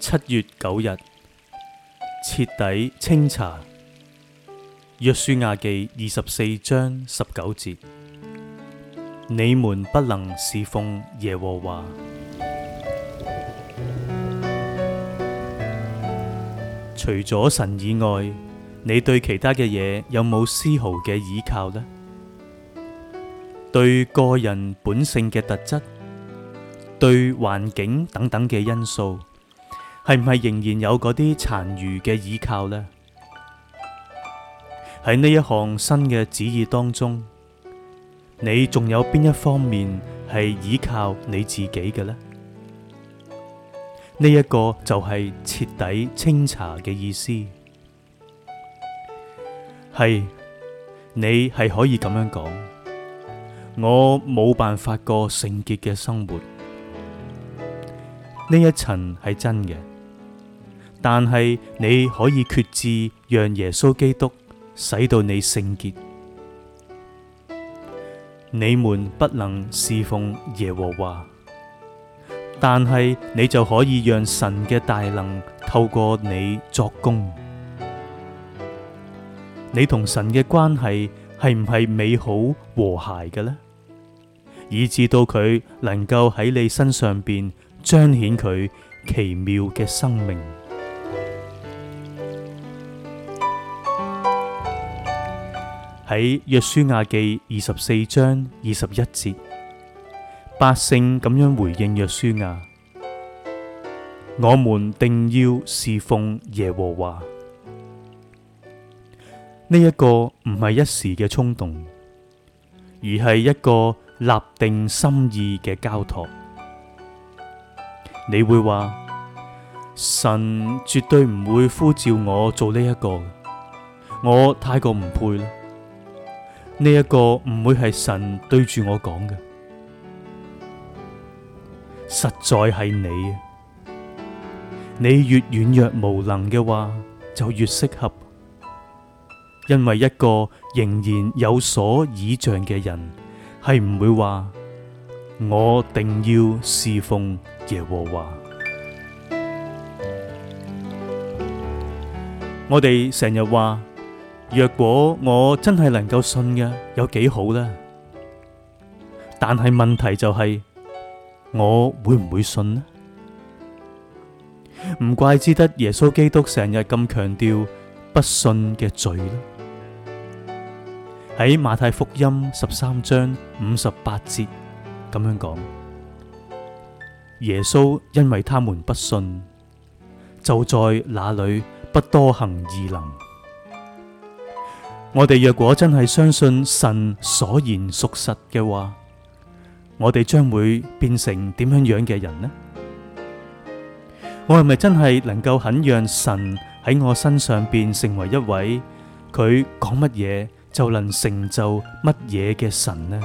七月九日徹底清查約書亞記二十四章十九節：你們不能侍奉耶和華。除咗神以外，你對其他嘅嘢有冇絲毫嘅依靠呢？對個人本性嘅特質，對環境等等嘅因素。係唔係仍然有嗰啲殘餘嘅倚靠呢？喺呢一項新嘅旨意當中，你仲有邊一方面係倚靠你自己嘅呢？呢一個就係徹底清查嘅意思，係你係可以咁樣講，我冇辦法過聖潔嘅生活，呢一層係真嘅。但係你可以決志，讓耶穌基督使到你聖潔。你們不能侍奉耶和華，但係你就可以讓神嘅大能透過你作工。你同神嘅關係係唔係美好和諧嘅呢？以至到佢能夠喺你身上邊彰顯佢奇妙嘅生命。喺約書亞記二十四章二十一節，百姓咁樣回應約書亞：我們定要侍奉耶和華。呢、這、一個唔係一時嘅衝動，而係一個立定心意嘅交託。你會話神絕對唔會呼召我做呢、這、一個，我太過唔配啦。呢一個唔會係神對住我講嘅，實在係你。你越軟弱無能嘅話，就越適合。因為一個仍然有所倚仗嘅人，係唔會話我定要侍奉耶和華。我哋成日話。若果我真係能夠信嘅，有幾好呢？但係問題就係，我會唔會信呢？唔怪之得耶穌基督成日咁強調不信嘅罪呢。喺馬太福音十三章五十八節咁樣講，耶穌因為他們不信，就在那裏不多行異能。我哋若果真係相信神所言屬實嘅話，我哋將會變成點樣樣嘅人呢？我係咪真係能夠肯讓神喺我身上邊成為一位佢講乜嘢就能成就乜嘢嘅神呢？